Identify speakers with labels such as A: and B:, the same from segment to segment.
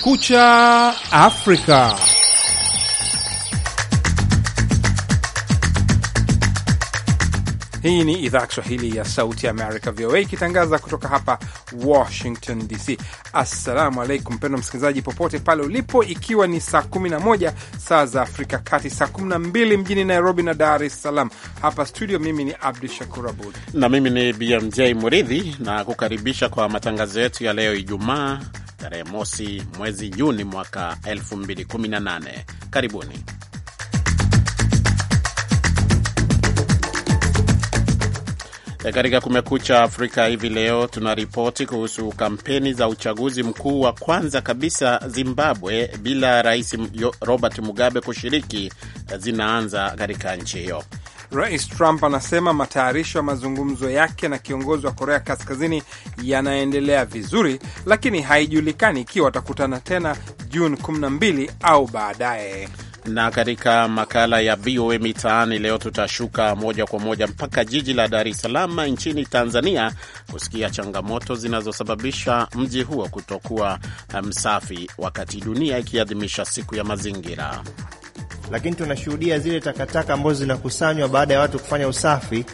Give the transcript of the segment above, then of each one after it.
A: Kucha Afrika. Hii ni idhaa ya Kiswahili ya Sauti ya Amerika, VOA, ikitangaza kutoka hapa Washington DC. Assalamu alaikum, mpendwa msikilizaji, popote pale ulipo, ikiwa ni saa 11 saa za Afrika Kati, saa 12 mjini Nairobi na Dar es Salaam. Hapa studio, mimi ni Abdu Shakur Abud
B: na mimi ni BMJ Muridhi, na kukaribisha kwa matangazo yetu ya leo Ijumaa tarehe mosi mwezi Juni mwaka 2018. Karibuni. E, katika Kumekucha Afrika hivi leo tuna ripoti kuhusu kampeni za uchaguzi mkuu wa kwanza kabisa Zimbabwe bila Rais Robert Mugabe kushiriki e, zinaanza katika nchi hiyo.
A: Rais Trump anasema matayarisho ya mazungumzo yake na kiongozi wa Korea Kaskazini yanaendelea vizuri, lakini haijulikani ikiwa watakutana tena Juni 12 au baadaye.
B: Na katika makala ya VOA Mitaani leo tutashuka moja kwa moja mpaka jiji la Dar es Salaam nchini Tanzania kusikia changamoto zinazosababisha mji huo kutokuwa eh, msafi wakati dunia ikiadhimisha siku ya mazingira
C: lakini tunashuhudia zile takataka ambazo zinakusanywa baada ya watu kufanya usafi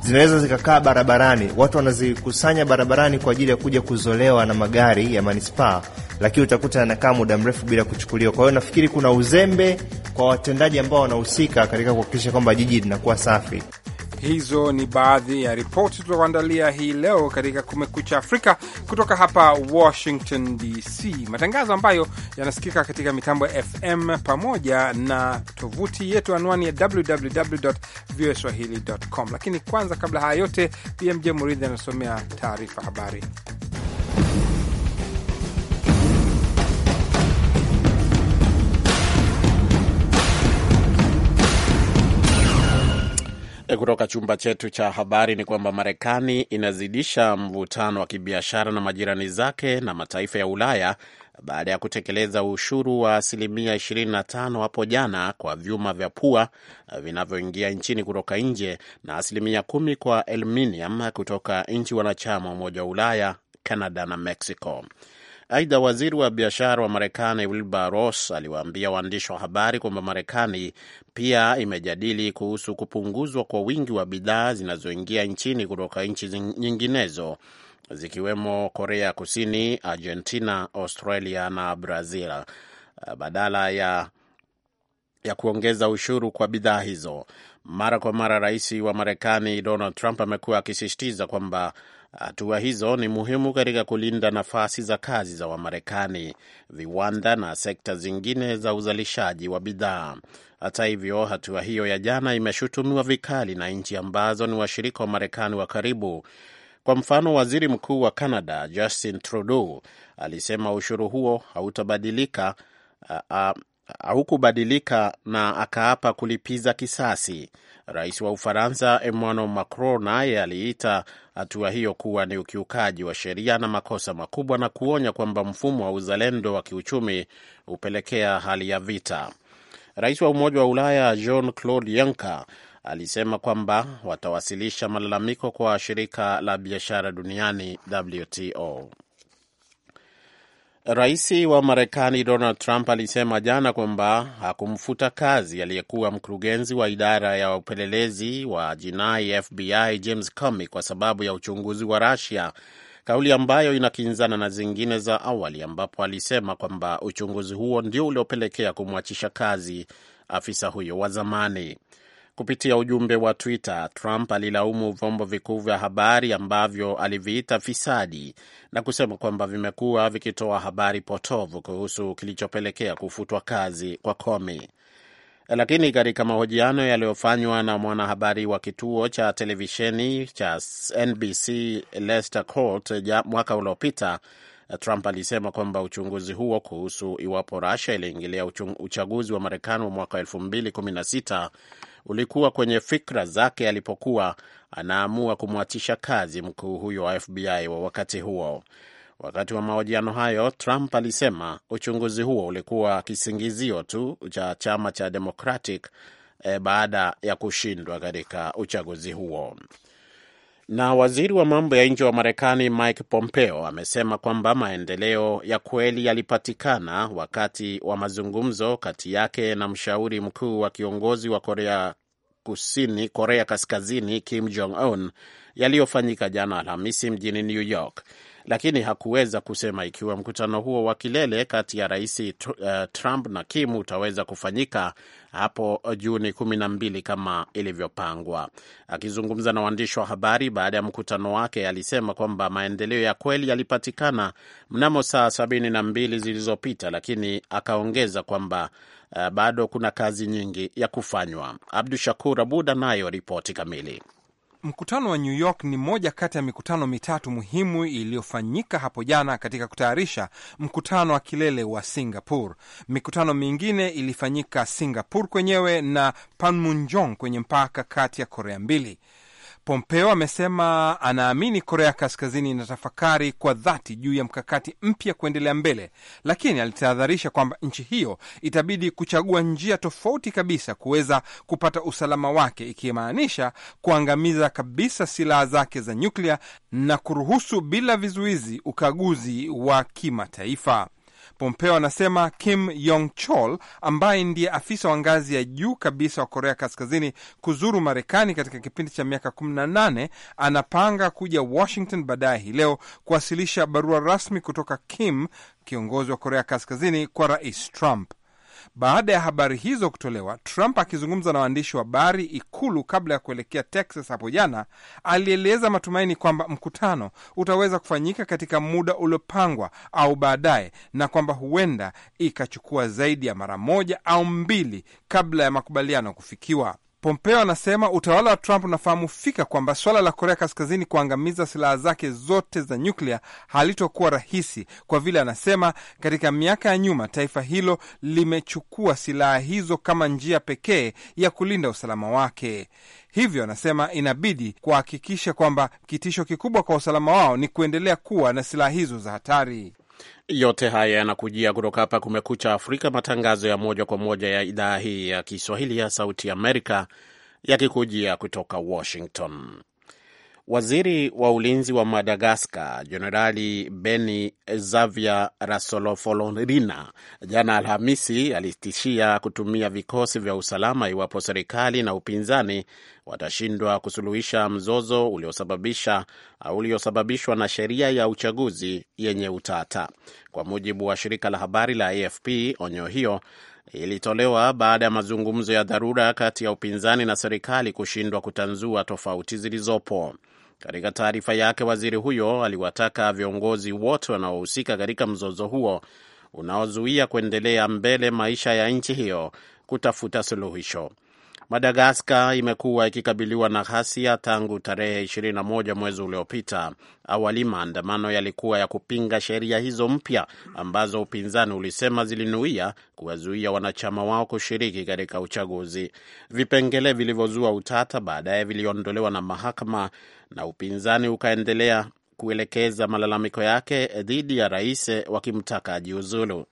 C: zinaweza zikakaa barabarani, watu wanazikusanya barabarani kwa ajili ya kuja kuzolewa na magari ya manispaa, lakini utakuta yanakaa muda mrefu bila kuchukuliwa. Kwa hiyo nafikiri kuna uzembe kwa watendaji ambao wanahusika katika kuhakikisha kwamba jiji linakuwa safi.
A: Hizo ni baadhi ya ripoti tulizoandalia hii leo katika Kumekucha Afrika kutoka hapa Washington DC, matangazo ambayo yanasikika katika mitambo ya FM pamoja na tovuti yetu, anwani ya www voa swahilicom. Lakini kwanza, kabla haya yote, BMJ Muridhi anasomea taarifa habari.
B: kutoka chumba chetu cha habari ni kwamba Marekani inazidisha mvutano wa kibiashara na majirani zake na mataifa ya Ulaya baada ya kutekeleza ushuru wa asilimia 25 hapo jana kwa vyuma vya pua vinavyoingia nchini kutoka nje na asilimia kumi kwa aluminium kutoka nchi wanachama Umoja wa Ulaya, Canada na Mexico. Aidha, waziri wa biashara wa Marekani Wilbur Ross aliwaambia waandishi wa habari kwamba Marekani pia imejadili kuhusu kupunguzwa kwa wingi wa bidhaa zinazoingia nchini kutoka nchi nyinginezo zikiwemo Korea Kusini, Argentina, Australia na Brazil badala ya ya kuongeza ushuru kwa bidhaa hizo. Mara kwa mara, rais wa Marekani Donald Trump amekuwa akisisitiza kwamba hatua hizo ni muhimu katika kulinda nafasi za kazi za Wamarekani, viwanda na sekta zingine za uzalishaji wa bidhaa. Hata hivyo, hatua hiyo ya jana imeshutumiwa vikali na nchi ambazo ni washirika wa Marekani wa karibu. Kwa mfano, waziri mkuu wa Canada Justin Trudeau alisema ushuru huo hautabadilika, hukubadilika na akaapa kulipiza kisasi. Rais wa Ufaransa Emmanuel Macron naye aliita hatua hiyo kuwa ni ukiukaji wa sheria na makosa makubwa, na kuonya kwamba mfumo wa uzalendo wa kiuchumi hupelekea hali ya vita. Rais wa Umoja wa Ulaya Jean Claude Juncker alisema kwamba watawasilisha malalamiko kwa shirika la biashara duniani WTO. Rais wa Marekani Donald Trump alisema jana kwamba hakumfuta kazi aliyekuwa mkurugenzi wa idara ya upelelezi wa jinai FBI James Comey kwa sababu ya uchunguzi wa rasia kauli ambayo inakinzana na zingine za awali ambapo alisema kwamba uchunguzi huo ndio uliopelekea kumwachisha kazi afisa huyo wa zamani. Kupitia ujumbe wa Twitter, Trump alilaumu vyombo vikuu vya habari ambavyo aliviita fisadi na kusema kwamba vimekuwa vikitoa habari potovu kuhusu kilichopelekea kufutwa kazi kwa Comey. Lakini katika mahojiano yaliyofanywa na mwanahabari wa kituo cha televisheni cha NBC Lester Holt mwaka uliopita, Trump alisema kwamba uchunguzi huo kuhusu iwapo Russia iliingilia uchaguzi wa Marekani wa mwaka 2016 ulikuwa kwenye fikra zake alipokuwa anaamua kumwachisha kazi mkuu huyo wa FBI wa wakati huo. Wakati wa mahojiano hayo, Trump alisema uchunguzi huo ulikuwa kisingizio tu cha chama cha Democratic eh, baada ya kushindwa katika uchaguzi huo. Na waziri wa mambo ya nje wa Marekani Mike Pompeo amesema kwamba maendeleo ya kweli yalipatikana wakati wa mazungumzo kati yake na mshauri mkuu wa kiongozi wa Korea Kusini, Korea Kaskazini Kim Jong Un yaliyofanyika jana Alhamisi mjini New York lakini hakuweza kusema ikiwa mkutano huo wa kilele kati ya rais uh, Trump na Kim utaweza kufanyika hapo Juni kumi na mbili kama ilivyopangwa. Akizungumza na waandishi wa habari baada ya mkutano wake, alisema kwamba maendeleo ya kweli yalipatikana mnamo saa sabini na mbili zilizopita, lakini akaongeza kwamba uh, bado kuna kazi nyingi ya kufanywa. Abdu Shakur Abud anayo ripoti kamili.
A: Mkutano wa New York ni moja kati ya mikutano mitatu muhimu iliyofanyika hapo jana katika kutayarisha mkutano wa kilele wa Singapore. Mikutano mingine ilifanyika Singapore kwenyewe na Panmunjom kwenye mpaka kati ya Korea mbili. Pompeo amesema anaamini Korea Kaskazini inatafakari kwa dhati juu ya mkakati mpya kuendelea mbele, lakini alitahadharisha kwamba nchi hiyo itabidi kuchagua njia tofauti kabisa kuweza kupata usalama wake, ikimaanisha kuangamiza kabisa silaha zake za nyuklia na kuruhusu bila vizuizi ukaguzi wa kimataifa. Pompeo anasema Kim Yong Chol ambaye ndiye afisa wa ngazi ya juu kabisa wa Korea Kaskazini kuzuru Marekani katika kipindi cha miaka 18 anapanga kuja Washington baadaye hii leo kuwasilisha barua rasmi kutoka Kim, kiongozi wa Korea Kaskazini, kwa Rais Trump. Baada ya habari hizo kutolewa, Trump akizungumza na waandishi wa habari Ikulu kabla ya kuelekea Texas hapo jana, alieleza matumaini kwamba mkutano utaweza kufanyika katika muda uliopangwa au baadaye, na kwamba huenda ikachukua zaidi ya mara moja au mbili kabla ya makubaliano kufikiwa. Pompeo anasema utawala wa Trump unafahamu fika kwamba suala la Korea Kaskazini kuangamiza silaha zake zote za nyuklia halitokuwa rahisi, kwa vile anasema katika miaka ya nyuma taifa hilo limechukua silaha hizo kama njia pekee ya kulinda usalama wake. Hivyo anasema inabidi kuhakikisha kwamba kitisho kikubwa kwa usalama wao ni kuendelea kuwa na silaha hizo za hatari.
B: Yote haya yanakujia kutoka hapa Kumekucha Afrika, matangazo ya moja kwa moja ya idhaa hii ya Kiswahili ya Sauti Amerika, yakikujia kutoka Washington. Waziri wa ulinzi wa Madagaskar, Jenerali Beni Xavier rasolofolorina jana Alhamisi, alitishia kutumia vikosi vya usalama iwapo serikali na upinzani watashindwa kusuluhisha mzozo uliosababisha au uliosababishwa na sheria ya uchaguzi yenye utata. Kwa mujibu wa shirika la habari la AFP, onyo hiyo ilitolewa baada ya mazungumzo ya dharura kati ya upinzani na serikali kushindwa kutanzua tofauti zilizopo. Katika taarifa yake, waziri huyo aliwataka viongozi wote wanaohusika katika mzozo huo unaozuia kuendelea mbele maisha ya nchi hiyo kutafuta suluhisho. Madagaskar imekuwa ikikabiliwa na ghasia tangu tarehe 21 mwezi uliopita. Awali maandamano yalikuwa ya kupinga sheria hizo mpya ambazo upinzani ulisema zilinuia kuwazuia wanachama wao kushiriki katika uchaguzi. Vipengele vilivyozua utata baadaye viliondolewa na mahakama na upinzani ukaendelea kuelekeza malalamiko yake dhidi ya rais wakimtaka ajiuzulu.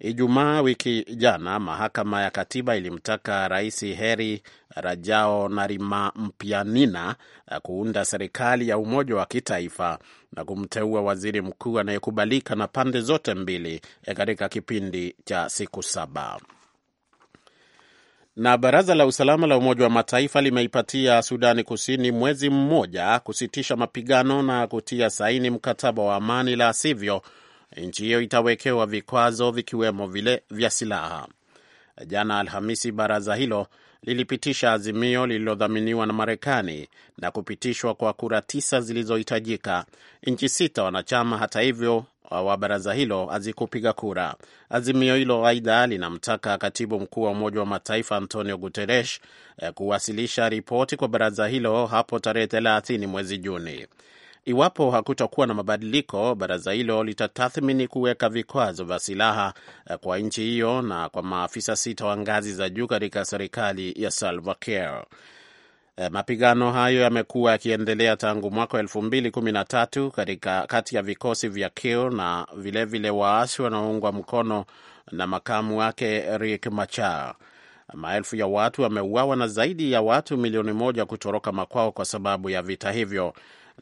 B: Ijumaa wiki jana mahakama ya katiba ilimtaka rais Heri Rajao narima mpianina kuunda serikali ya umoja wa kitaifa na kumteua waziri mkuu anayekubalika na pande zote mbili katika kipindi cha siku saba. Na baraza la usalama la Umoja wa Mataifa limeipatia Sudani Kusini mwezi mmoja kusitisha mapigano na kutia saini mkataba wa amani, la sivyo nchi hiyo itawekewa vikwazo vikiwemo vile vya silaha. Jana Alhamisi, baraza hilo lilipitisha azimio lililodhaminiwa na Marekani na kupitishwa kwa kura tisa zilizohitajika. Nchi sita wanachama, hata hivyo, wa baraza hilo hazikupiga kura. Azimio hilo aidha linamtaka katibu mkuu wa Umoja wa Mataifa Antonio Guterres eh, kuwasilisha ripoti kwa baraza hilo hapo tarehe 30 mwezi Juni. Iwapo hakutakuwa na mabadiliko, baraza hilo litatathmini kuweka vikwazo vya silaha eh, kwa nchi hiyo na kwa maafisa sita wa ngazi za juu katika serikali ya Salva Kiir. Eh, mapigano hayo yamekuwa yakiendelea tangu mwaka wa elfu mbili kumi na tatu katika kati ya vikosi vya Kiir na vilevile waasi wanaoungwa mkono na makamu wake Riek Machar. Maelfu ya watu wameuawa na zaidi ya watu milioni moja kutoroka makwao kwa sababu ya vita hivyo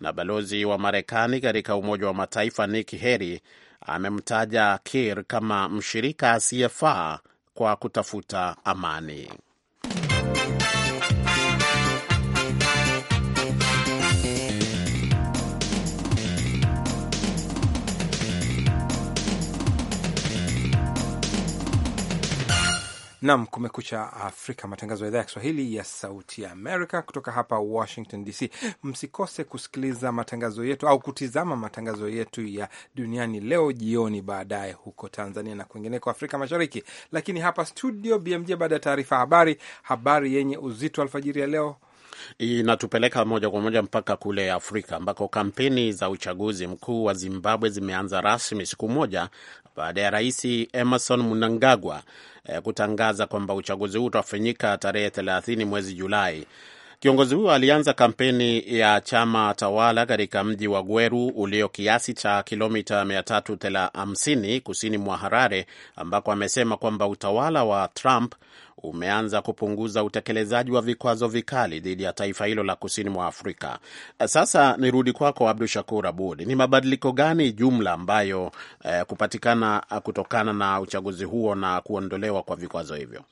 B: na balozi wa Marekani katika Umoja wa Mataifa Nikki Haley amemtaja Kir kama mshirika asiyefaa kwa kutafuta amani.
A: Nam Kumekucha Afrika, matangazo ya idhaa ya Kiswahili ya Sauti ya Amerika kutoka hapa Washington DC. Msikose kusikiliza matangazo yetu au kutizama matangazo yetu ya Duniani Leo jioni baadaye huko Tanzania na kwingineko Afrika Mashariki. Lakini hapa studio BMJ, baada ya taarifa habari, habari yenye uzito alfajiri ya leo
B: inatupeleka moja kwa moja mpaka kule Afrika ambako kampeni za uchaguzi mkuu wa Zimbabwe zimeanza rasmi siku moja baada ya Rais Emerson Mnangagwa Eh, kutangaza kwamba uchaguzi huu utafanyika tarehe 30 mwezi Julai. Kiongozi huyo alianza kampeni ya chama tawala katika mji wa Gweru ulio kiasi cha kilomita 350 kusini mwa Harare, ambako amesema kwamba utawala wa Trump umeanza kupunguza utekelezaji wa vikwazo vikali dhidi ya taifa hilo la kusini mwa Afrika. Sasa nirudi kwako Abdu Shakur Abud, ni mabadiliko gani jumla ambayo eh, kupatikana kutokana na uchaguzi huo na kuondolewa kwa vikwazo hivyo?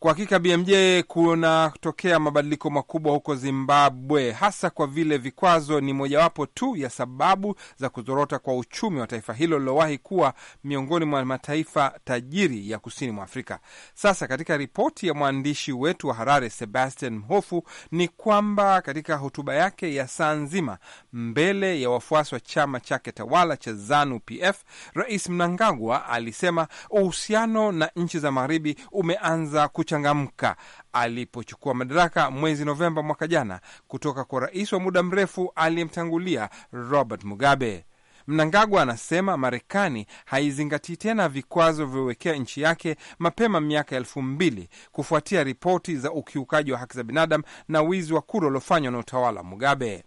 A: Kwa hakika BMJ, kunatokea mabadiliko makubwa huko Zimbabwe, hasa kwa vile vikwazo ni mojawapo tu ya sababu za kuzorota kwa uchumi wa taifa hilo lilowahi kuwa miongoni mwa mataifa tajiri ya kusini mwa Afrika. Sasa katika ripoti ya mwandishi wetu wa Harare, Sebastian Mhofu, ni kwamba katika hotuba yake ya saa nzima mbele ya wafuasi wa chama chake tawala cha ZANU PF, Rais Mnangagwa alisema uhusiano na nchi za magharibi umeanza kuchangamka alipochukua madaraka mwezi Novemba mwaka jana kutoka kwa rais wa muda mrefu aliyemtangulia Robert Mugabe. Mnangagwa anasema Marekani haizingatii tena vikwazo vilivyowekea nchi yake mapema miaka elfu mbili kufuatia ripoti za ukiukaji wa haki za binadamu na wizi wa kura uliofanywa na utawala wa Mugabe.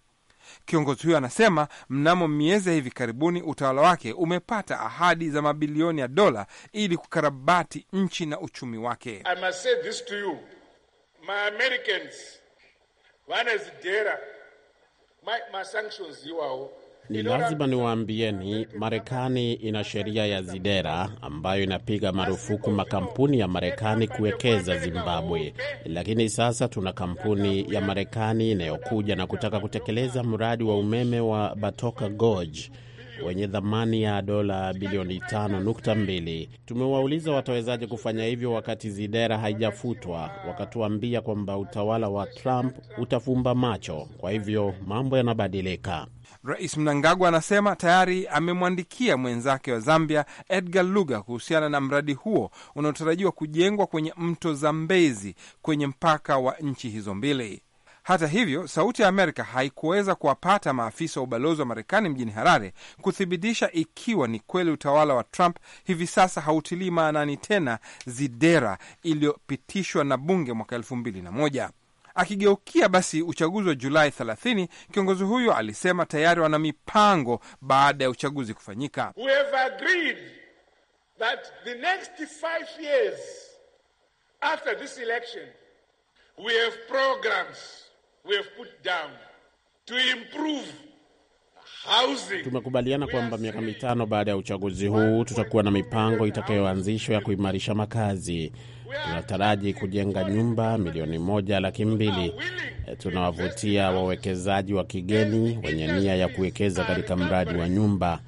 A: Kiongozi huyo anasema mnamo miezi ya hivi karibuni utawala wake umepata ahadi za mabilioni ya dola ili kukarabati nchi na uchumi wake.
D: My
B: ni lazima niwaambieni, Marekani ina sheria ya ZIDERA ambayo inapiga marufuku makampuni ya Marekani kuwekeza Zimbabwe, lakini sasa tuna kampuni ya Marekani inayokuja na kutaka kutekeleza mradi wa umeme wa Batoka Gorge wenye thamani ya dola bilioni 5.2. Tumewauliza watawezaje kufanya hivyo wakati ZIDERA haijafutwa. Wakatuambia kwamba utawala wa Trump utafumba macho, kwa hivyo mambo yanabadilika. Rais Mnangagwa
A: anasema tayari amemwandikia mwenzake wa Zambia Edgar Luga kuhusiana na mradi huo unaotarajiwa kujengwa kwenye mto Zambezi kwenye mpaka wa nchi hizo mbili. Hata hivyo, Sauti ya Amerika haikuweza kuwapata maafisa wa ubalozi wa Marekani mjini Harare kuthibitisha ikiwa ni kweli utawala wa Trump hivi sasa hautilii maanani tena ZIDERA iliyopitishwa na bunge mwaka elfu mbili na moja. Akigeukia basi uchaguzi wa Julai 30, kiongozi huyo alisema tayari wana mipango baada ya uchaguzi kufanyika.
D: We have agreed that the next five years after this election we have programs we have put down to improve
B: Tumekubaliana kwamba miaka mitano baada ya uchaguzi huu tutakuwa na mipango itakayoanzishwa ya kuimarisha makazi tunataraji kujenga nyumba milioni moja laki mbili. Tunawavutia wawekezaji wa kigeni wenye nia ya kuwekeza katika mradi wa nyumba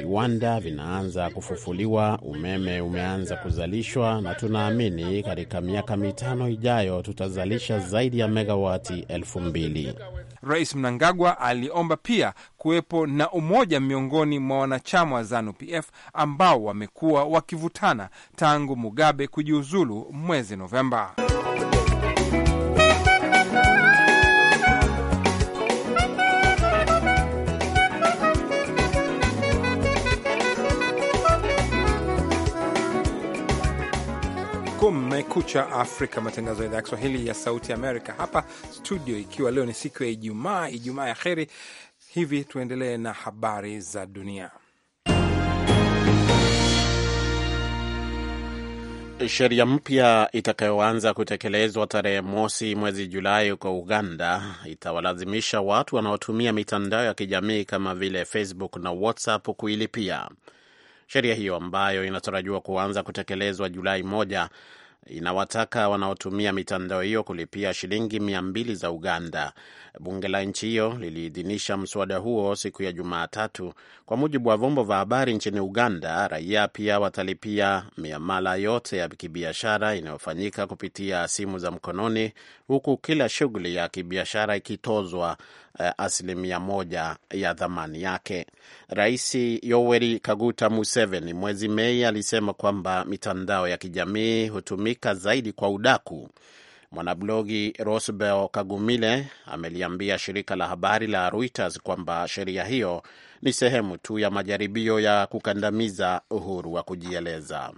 B: viwanda vinaanza kufufuliwa, umeme umeanza kuzalishwa, na tunaamini katika miaka mitano ijayo tutazalisha zaidi ya megawati elfu mbili. Rais Mnangagwa aliomba pia kuwepo
A: na umoja miongoni mwa wanachama wa ZANU-PF ambao wamekuwa wakivutana tangu Mugabe kujiuzulu mwezi Novemba. Kumekucha Afrika, matangazo ya idhaa ya Kiswahili ya Sauti Amerika hapa studio, ikiwa leo ni siku ya Ijumaa, Ijumaa ya heri. Hivi tuendelee na
B: habari za dunia. Sheria mpya itakayoanza kutekelezwa tarehe mosi mwezi Julai huko Uganda itawalazimisha watu wanaotumia mitandao ya kijamii kama vile Facebook na WhatsApp kuilipia. Sheria hiyo ambayo inatarajiwa kuanza kutekelezwa Julai moja inawataka wanaotumia mitandao hiyo kulipia shilingi mia mbili za Uganda. Bunge la nchi hiyo liliidhinisha mswada huo siku ya Jumatatu. Kwa mujibu wa vyombo vya habari nchini Uganda, raia pia watalipia miamala yote ya kibiashara inayofanyika kupitia simu za mkononi, huku kila shughuli ya kibiashara ikitozwa uh, asilimia moja ya dhamani yake. Rais Yoweri Kaguta Museveni mwezi Mei alisema kwamba mitandao ya kijamii hutumika zaidi kwa udaku. Mwanablogi Rosbel Kagumile ameliambia shirika la habari la Reuters kwamba sheria hiyo ni sehemu tu ya majaribio ya kukandamiza uhuru wa kujieleza.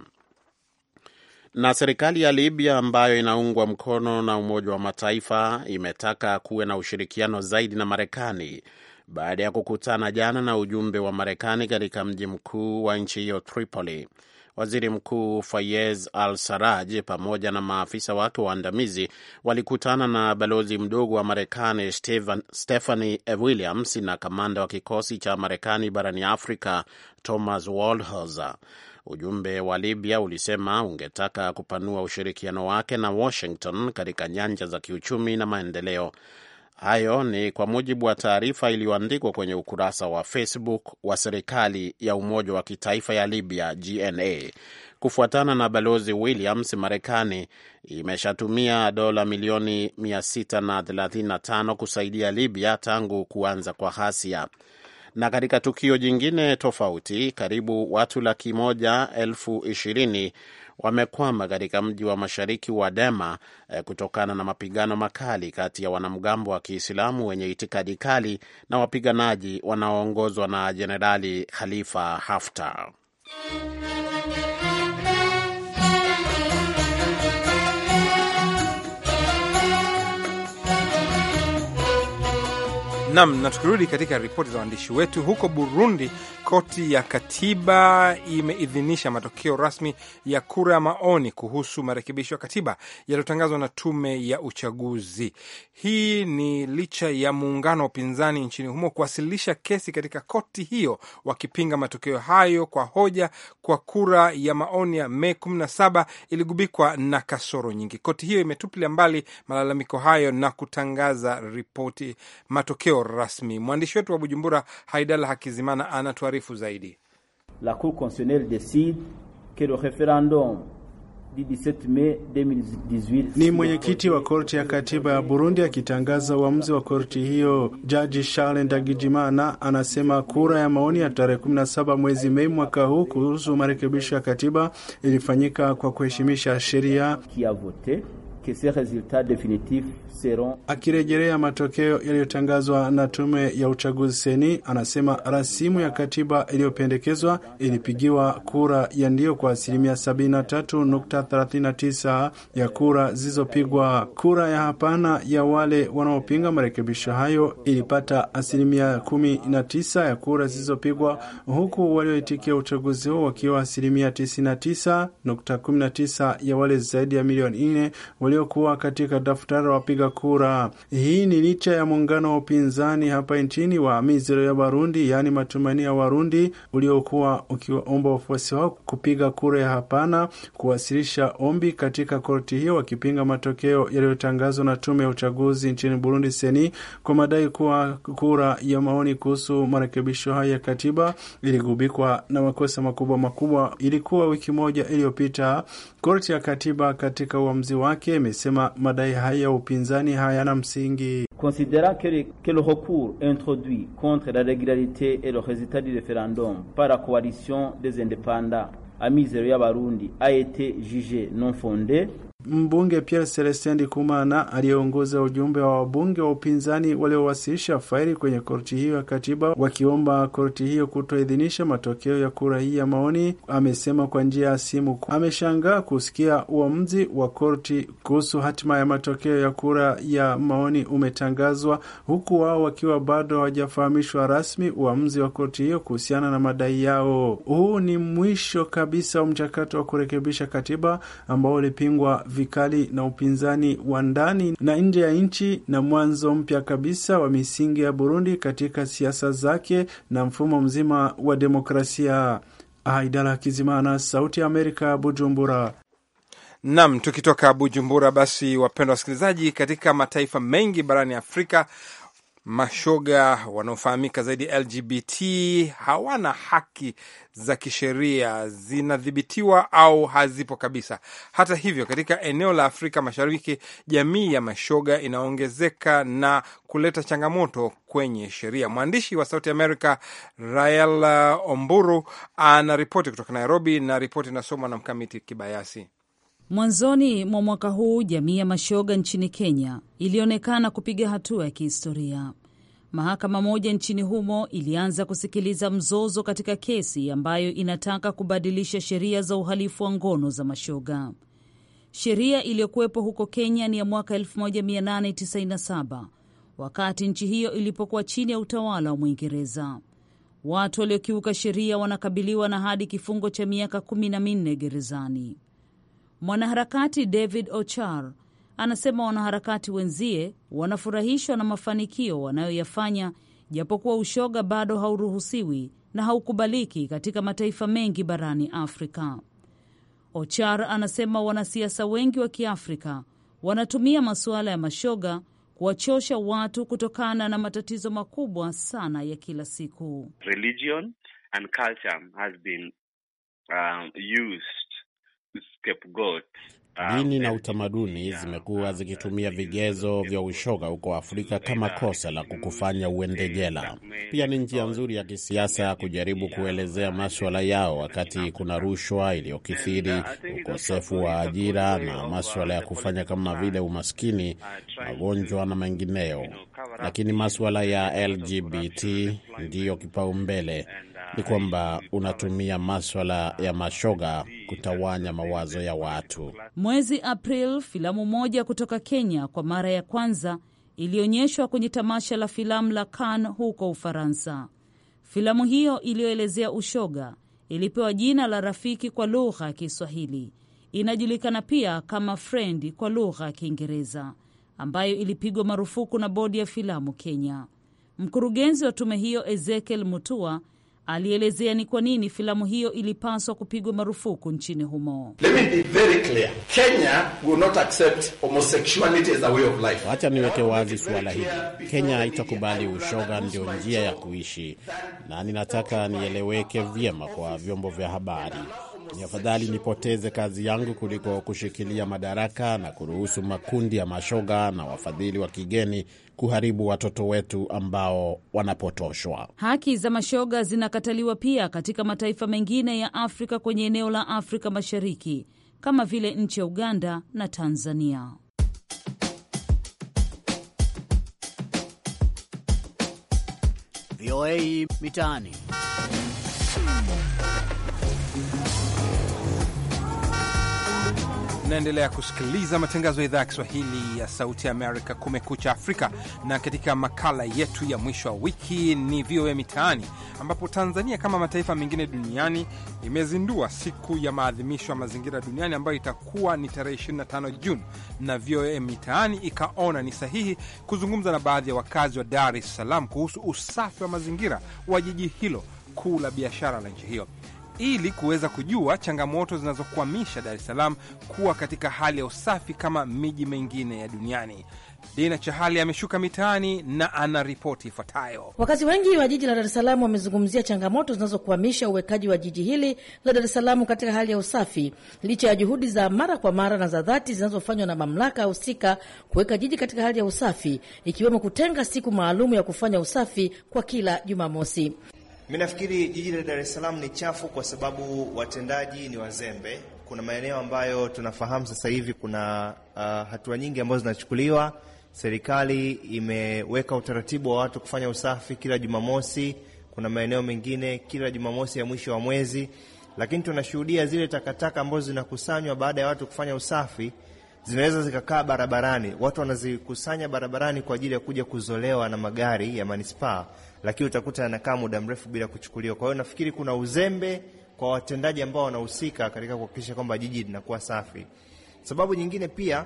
B: Na serikali ya Libya ambayo inaungwa mkono na Umoja wa Mataifa imetaka kuwe na ushirikiano zaidi na Marekani baada ya kukutana jana na ujumbe wa Marekani katika mji mkuu wa nchi hiyo Tripoli. Waziri Mkuu Fayez Al Saraj pamoja na maafisa wake waandamizi walikutana na balozi mdogo wa Marekani Stephanie Williams na kamanda wa kikosi cha Marekani barani Afrika Thomas Waldhauser. Ujumbe wa Libya ulisema ungetaka kupanua ushirikiano wake na Washington katika nyanja za kiuchumi na maendeleo. Hayo ni kwa mujibu wa taarifa iliyoandikwa kwenye ukurasa wa Facebook wa serikali ya umoja wa kitaifa ya Libya, GNA. Kufuatana na balozi Williams, Marekani imeshatumia dola milioni 635 kusaidia Libya tangu kuanza kwa ghasia. Na katika tukio jingine tofauti, karibu watu laki moja elfu ishirini wamekwama katika mji wa mashariki wa Dema eh, kutokana na mapigano makali kati ya wanamgambo wa Kiislamu wenye itikadi kali na wapiganaji wanaoongozwa na Jenerali Khalifa Haftar.
A: Nam, na tukirudi katika ripoti za waandishi wetu, huko Burundi, koti ya katiba imeidhinisha matokeo rasmi ya kura ya maoni kuhusu marekebisho ya katiba yaliyotangazwa na tume ya uchaguzi. Hii ni licha ya muungano wa upinzani nchini humo kuwasilisha kesi katika koti hiyo wakipinga matokeo hayo kwa hoja kwa kura ya maoni ya Mei 17 iligubikwa na kasoro nyingi. Koti hiyo imetupilia mbali malalamiko hayo na kutangaza ripoti matokeo rasmi. Mwandishi wetu wa Bujumbura, Haidal Hakizimana, anatuarifu zaidi.
B: La Cour constitutionnelle decide que le referendum ni mwenyekiti
E: wa korti ya katiba ya Burundi akitangaza uamuzi wa korti hiyo. Jaji Charles Ndagijimana anasema kura ya maoni ya tarehe 17 mwezi Mei mwaka huu kuhusu marekebisho ya katiba ilifanyika kwa kuheshimisha sheria. Akirejelea matokeo yaliyotangazwa na tume ya uchaguzi seni, anasema rasimu ya katiba iliyopendekezwa ilipigiwa kura ya ndio kwa asilimia 73.39 ya kura zilizopigwa. Kura ya hapana ya wale wanaopinga marekebisho hayo ilipata asilimia 19 ya kura zilizopigwa, huku walioitikia uchaguzi huo wakiwa asilimia 99.19 ya wale zaidi ya milioni 4 waliokuwa katika daftari wapiga kura. Hii ni licha ya muungano wa upinzani hapa nchini wa Amizero ya Warundi, yaani matumaini ya Warundi, uliokuwa ukiwaomba wafuasi wao kupiga kura ya hapana kuwasilisha ombi katika korti hiyo, wakipinga matokeo yaliyotangazwa na tume ya uchaguzi nchini Burundi seni kwa madai kuwa kura ya maoni kuhusu marekebisho hayo ya katiba iligubikwa na makosa makubwa makubwa. Ilikuwa wiki moja iliyopita korti ya katiba katika uamuzi wake Considérant que le, recours introduit contre la régularité et le
B: résultat du référendum par la coalition des indépendants à Miseria y'abarundi a
E: été jugé
B: non fondé
E: Mbunge Pierre Celestin Ndikumana aliyeongoza ujumbe wa wabunge wa upinzani waliowasilisha faili kwenye korti hiyo ya katiba wakiomba korti hiyo kutoidhinisha matokeo ya kura hii ya maoni, amesema kwa njia ya simu ameshangaa kusikia uamuzi wa korti kuhusu hatima ya matokeo ya kura ya maoni umetangazwa, huku wao wakiwa bado hawajafahamishwa rasmi uamuzi wa korti hiyo kuhusiana na madai yao. Huu ni mwisho kabisa wa mchakato wa kurekebisha katiba ambao ulipingwa vikali na upinzani wa ndani na nje ya nchi na mwanzo mpya kabisa wa misingi ya Burundi katika siasa zake na mfumo mzima wa demokrasia. Haidara Kizimana, Sauti ya Amerika, Bujumbura.
A: Nam, tukitoka Bujumbura, basi wapendwa wasikilizaji, katika mataifa mengi barani Afrika mashoga wanaofahamika zaidi LGBT hawana haki za kisheria, zinadhibitiwa au hazipo kabisa. Hata hivyo, katika eneo la Afrika Mashariki, jamii ya mashoga inaongezeka na kuleta changamoto kwenye sheria. Mwandishi wa Sauti america Rael Omburu anaripoti kutoka Nairobi, na ripoti inasomwa na Mkamiti Kibayasi.
F: Mwanzoni mwa mwaka huu jamii ya mashoga nchini Kenya ilionekana kupiga hatua ya kihistoria. Mahakama moja nchini humo ilianza kusikiliza mzozo katika kesi ambayo inataka kubadilisha sheria za uhalifu wa ngono za mashoga. Sheria iliyokuwepo huko Kenya ni ya mwaka 1897 wakati nchi hiyo ilipokuwa chini ya utawala wa Mwingereza. Watu waliokiuka sheria wanakabiliwa na hadi kifungo cha miaka kumi na minne gerezani. Mwanaharakati David Ochar anasema wanaharakati wenzie wanafurahishwa na mafanikio wanayoyafanya, japokuwa ushoga bado hauruhusiwi na haukubaliki katika mataifa mengi barani Afrika. Ochar anasema wanasiasa wengi wa Kiafrika wanatumia masuala ya mashoga kuwachosha watu kutokana na matatizo makubwa sana ya kila siku.
B: Religion and culture has been, um, used
C: scapegoat
B: uh, Dini na utamaduni zimekuwa uh, zikitumia vigezo vya ushoga huko Afrika kama kosa la kukufanya uende jela. Pia ni njia nzuri ya kisiasa kujaribu kuelezea maswala yao, wakati kuna rushwa iliyokithiri, uh, ukosefu wa ajira na maswala ya kufanya kama vile umaskini, magonjwa na mengineyo. Lakini maswala ya LGBT ndiyo kipaumbele ni kwamba unatumia maswala ya mashoga kutawanya mawazo ya watu.
F: Mwezi Aprili, filamu moja kutoka Kenya kwa mara ya kwanza ilionyeshwa kwenye tamasha la filamu la Cannes huko Ufaransa. Filamu hiyo iliyoelezea ushoga ilipewa jina la Rafiki kwa lugha ya Kiswahili. Inajulikana pia kama Friend kwa lugha ya Kiingereza, ambayo ilipigwa marufuku na bodi ya filamu Kenya. Mkurugenzi wa tume hiyo Ezekiel Mutua alielezea ni kwa nini filamu hiyo ilipaswa kupigwa marufuku nchini humo.
B: Wacha niweke wazi suala hili, Kenya haitakubali ushoga ndio njia ya kuishi, na ninataka nieleweke vyema kwa vyombo vya habari. Ni afadhali nipoteze kazi yangu kuliko kushikilia madaraka na kuruhusu makundi ya mashoga na wafadhili wa kigeni kuharibu watoto wetu ambao wanapotoshwa.
F: Haki za mashoga zinakataliwa pia katika mataifa mengine ya Afrika kwenye eneo la Afrika Mashariki kama vile nchi ya Uganda na Tanzania.
G: VOA Mitaani.
A: Naendelea kusikiliza matangazo ya idhaa ya Kiswahili ya Sauti ya Amerika, Kumekucha Afrika. Na katika makala yetu ya mwisho wa wiki ni VOA Mitaani, ambapo Tanzania kama mataifa mengine duniani imezindua siku ya maadhimisho ya mazingira duniani ambayo itakuwa ni tarehe 25 Juni, na VOA Mitaani ikaona ni sahihi kuzungumza na baadhi ya wakazi wa Dar es Salaam kuhusu usafi wa mazingira wa jiji hilo kuu la biashara la nchi hiyo ili kuweza kujua changamoto zinazokwamisha Dar es Salaam kuwa katika hali ya usafi kama miji mengine ya duniani. Dina Chahali ameshuka mitaani na ana ripoti ifuatayo.
G: Wakazi wengi wa jiji la Dar es Salaam wamezungumzia changamoto zinazokwamisha uwekaji wa jiji hili la Dar es Salaam katika hali ya usafi, licha ya juhudi za mara kwa mara na za dhati zinazofanywa na mamlaka husika kuweka jiji katika hali ya usafi, ikiwemo kutenga siku maalumu ya kufanya usafi kwa kila Jumamosi.
C: Mimi nafikiri jiji la Dar es Salaam ni chafu kwa sababu watendaji ni wazembe. Kuna maeneo ambayo tunafahamu sasa hivi kuna uh, hatua nyingi ambazo zinachukuliwa. Serikali imeweka utaratibu wa watu kufanya usafi kila Jumamosi. Kuna maeneo mengine kila Jumamosi ya mwisho wa mwezi, lakini tunashuhudia zile takataka ambazo zinakusanywa baada ya watu kufanya usafi zinaweza zikakaa barabarani, watu wanazikusanya barabarani kwa ajili ya kuja kuzolewa na magari ya manispaa, lakini utakuta yanakaa muda mrefu bila kuchukuliwa. Kwa hiyo nafikiri kuna uzembe kwa watendaji ambao wanahusika katika kuhakikisha kwamba jiji linakuwa safi. Sababu nyingine pia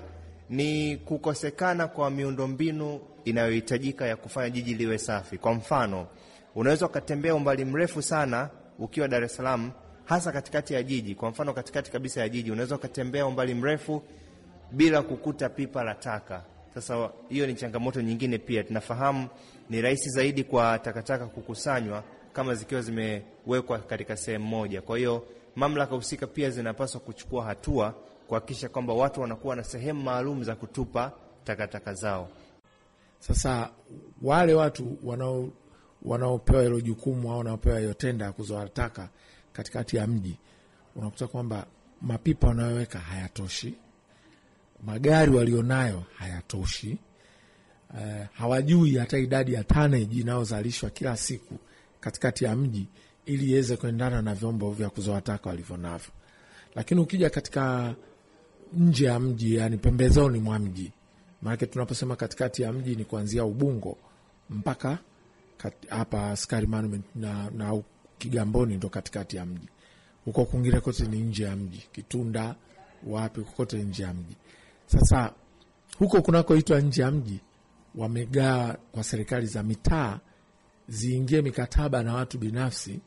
C: ni kukosekana kwa miundombinu inayohitajika ya kufanya jiji liwe safi. Kwa mfano, unaweza ukatembea umbali mrefu sana ukiwa Dar es Salaam, hasa katikati ya jiji. Kwa mfano, katikati kabisa ya jiji unaweza ukatembea umbali mrefu bila kukuta pipa la taka. Sasa hiyo ni changamoto nyingine pia. Tunafahamu ni rahisi zaidi kwa takataka kukusanywa kama zikiwa zimewekwa katika sehemu moja. Kwa hiyo mamlaka husika pia zinapaswa kuchukua hatua kuhakikisha kwamba watu wanakuwa na sehemu maalum za kutupa takataka zao.
D: Sasa wale watu wanao wanaopewa hilo jukumu au wanaopewa hiyo tenda ya kuzoa taka katikati ya mji, unakuta kwamba mapipa wanayoweka hayatoshi, magari walionayo hayatoshi. Uh, hawajui hata idadi ya tanaji inayozalishwa kila siku katikati ya mji ili iweze kuendana na vyombo vya kuzoa taka walivyo navyo. Lakini ukija katika nje ya mji, yani pembezoni mwa mji, maanake tunaposema katikati ya mji ni kuanzia Ubungo mpaka hapa Askari Monument na, na Kigamboni ndo katikati ya mji. Huko kwingine kote ni nje ya mji, Kitunda wapi, kokote nje ya mji. Sasa huko kunakoitwa nje ya mji wamegaa kwa serikali za mitaa ziingie mikataba na watu binafsi,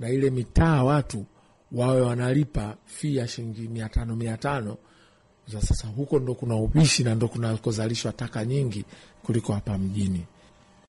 D: na ile mitaa watu wawe wanalipa fii ya shilingi mia tano mia tano za sasa. Huko ndo kuna upishi na ndo kunakozalishwa taka nyingi kuliko hapa mjini.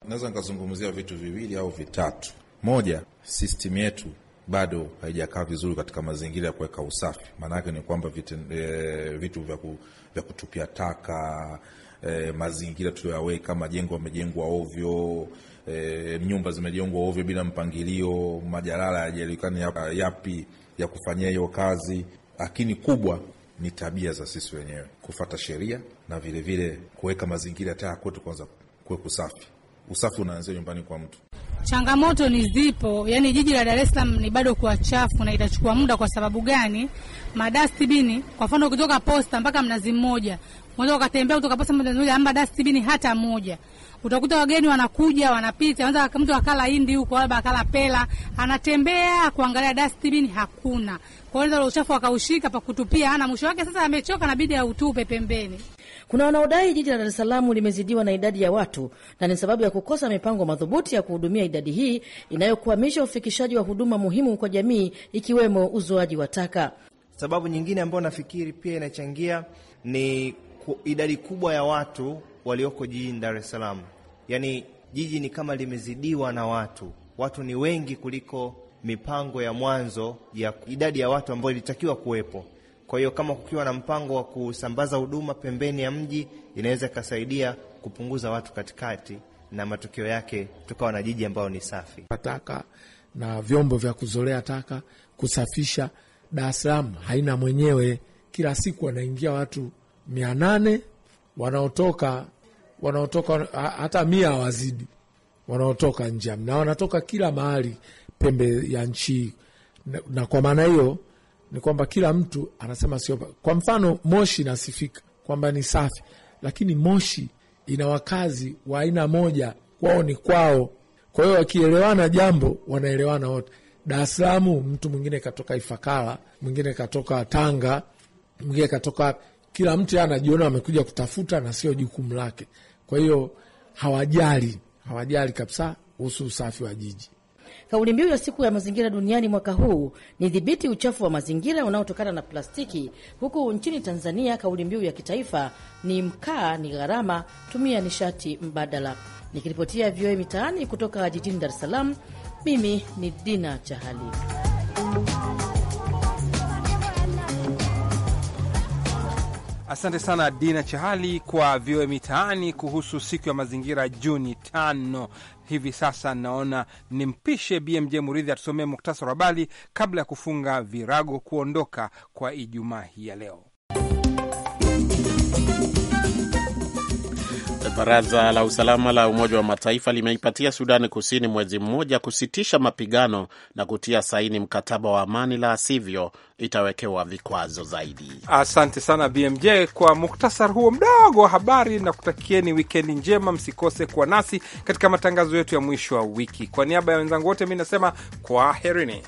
B: Naweza nikazungumzia vitu viwili au vitatu.
D: Moja,
A: system yetu bado haijakaa vizuri katika mazingira ya kuweka usafi. Maanake ni kwamba vitu, e, eh, vitu vya, ku, vya kutupia taka e, mazingira tuliyoyaweka, majengo yamejengwa ovyo e, nyumba zimejengwa ovyo bila mpangilio, majalala yajalikani yapi ya kufanyia hiyo kazi, lakini kubwa ni tabia za sisi wenyewe kufata sheria na vilevile kuweka mazingira taa kwetu, kwanza kuwe kusafi. Usafi unaanzia nyumbani kwa mtu.
F: Changamoto ni zipo, yani jiji la Dar es Salaam ni bado kuwa chafu na itachukua muda. Kwa sababu gani? Madastibini kwa mfano, kutoka posta mpaka mnazi mmoja, unaweza ukatembea kutoka posta mpaka mnazi mmoja, ama dastibini hata moja. Utakuta wageni wanakuja wanapita, anza mtu akala hindi huko, labda akala pela, anatembea kuangalia dastibini, hakuna. Kwa hiyo uchafu akaushika pa kutupia, ana mwisho wake. Sasa amechoka, nabidi autupe pembeni.
G: Kuna wanaodai jiji la Dar es Salaam limezidiwa na idadi ya watu na ni sababu ya kukosa mipango madhubuti ya kuhudumia idadi hii inayokwamisha ufikishaji wa huduma muhimu kwa jamii ikiwemo uzoaji wa taka.
C: Sababu nyingine ambayo nafikiri pia inachangia ni idadi kubwa ya watu walioko jijini Dar es Salaam, yaani jiji ni kama limezidiwa na watu, watu ni wengi kuliko mipango ya mwanzo ya idadi ya watu ambayo ilitakiwa kuwepo. Kwa hiyo kama kukiwa na mpango wa kusambaza huduma pembeni ya mji, inaweza ikasaidia kupunguza watu katikati, na matokeo yake tukawa na jiji ambayo ni safi. Taka na
D: vyombo vya kuzolea taka, kusafisha. Dar es Salaam haina mwenyewe. Kila siku wanaingia watu mia nane wanaotoka wanaotoka hata mia wazidi wanaotoka nje na wanatoka kila mahali pembe ya nchi, na, na kwa maana hiyo ni kwamba kila mtu anasema sio. Kwa mfano Moshi nasifika kwamba ni safi, lakini Moshi ina wakazi wa aina moja, kwao ni kwao. Kwa hiyo wakielewana jambo wanaelewana wote. Dar es Salaam mtu mwingine katoka Ifakara, mwingine katoka Tanga, mwingine katoka, kila mtu anajiona amekuja kutafuta na sio jukumu lake. Kwa hiyo
G: hawajali, hawajali kabisa kuhusu usafi wa jiji. Kauli mbiu ya siku ya mazingira duniani mwaka huu ni dhibiti uchafu wa mazingira unaotokana na plastiki, huku nchini Tanzania kauli mbiu ya kitaifa ni mkaa ni gharama, tumia nishati mbadala. Nikiripotia VOA Mitaani kutoka jijini Dar es Salaam, mimi ni Dina Chahali.
A: Asante sana Dina Chahali kwa vioe mitaani kuhusu siku ya mazingira Juni tano. Hivi sasa naona nimpishe BMJ Muridhi atusomee muktasari wa habari kabla ya kufunga virago kuondoka kwa Ijumaa hii ya leo.
B: Baraza la Usalama la Umoja wa Mataifa limeipatia Sudani Kusini mwezi mmoja kusitisha mapigano na kutia saini mkataba wa amani, la sivyo itawekewa vikwazo zaidi. Asante sana BMJ kwa muktasar huo mdogo wa habari, na kutakieni wikendi njema.
A: Msikose kuwa nasi katika matangazo yetu ya mwisho wa wiki. Kwa niaba ya wenzangu wote, mi nasema kwaherini.